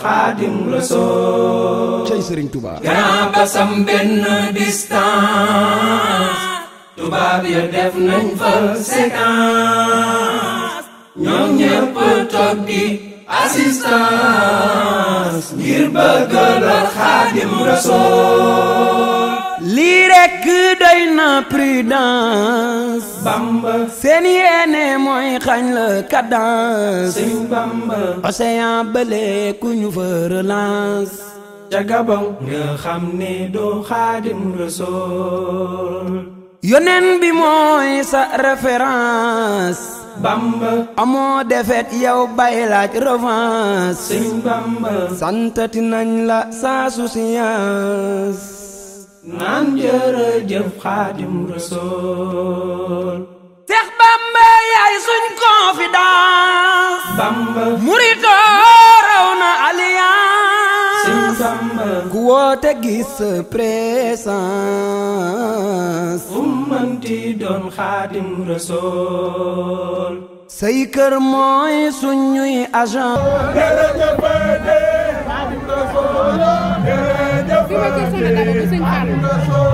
xaadim rasool cay tubaab ya def nañ fa séquence ñoom ñëpp toog di assistance ngir bëgg la xaadim rasool lii rekk doy na prudence bamba seen yéene mooy xañ la cadence sëñ bamba ku ñu fa relance ca gabaw nga xam ne doo xaadim rasool yoneen bi mooy sa référence bamba amoo defet yow bay laaj revanche sëñ bamba nañ la sa souciance naan jërëjëf xaadim rasool seex bamba yaay suñ confidence bamba muritoo raw na alliance suñ bamba ku woote gis présence ummanti doon xaadim rasool say kër mooy suñuy agent Amen.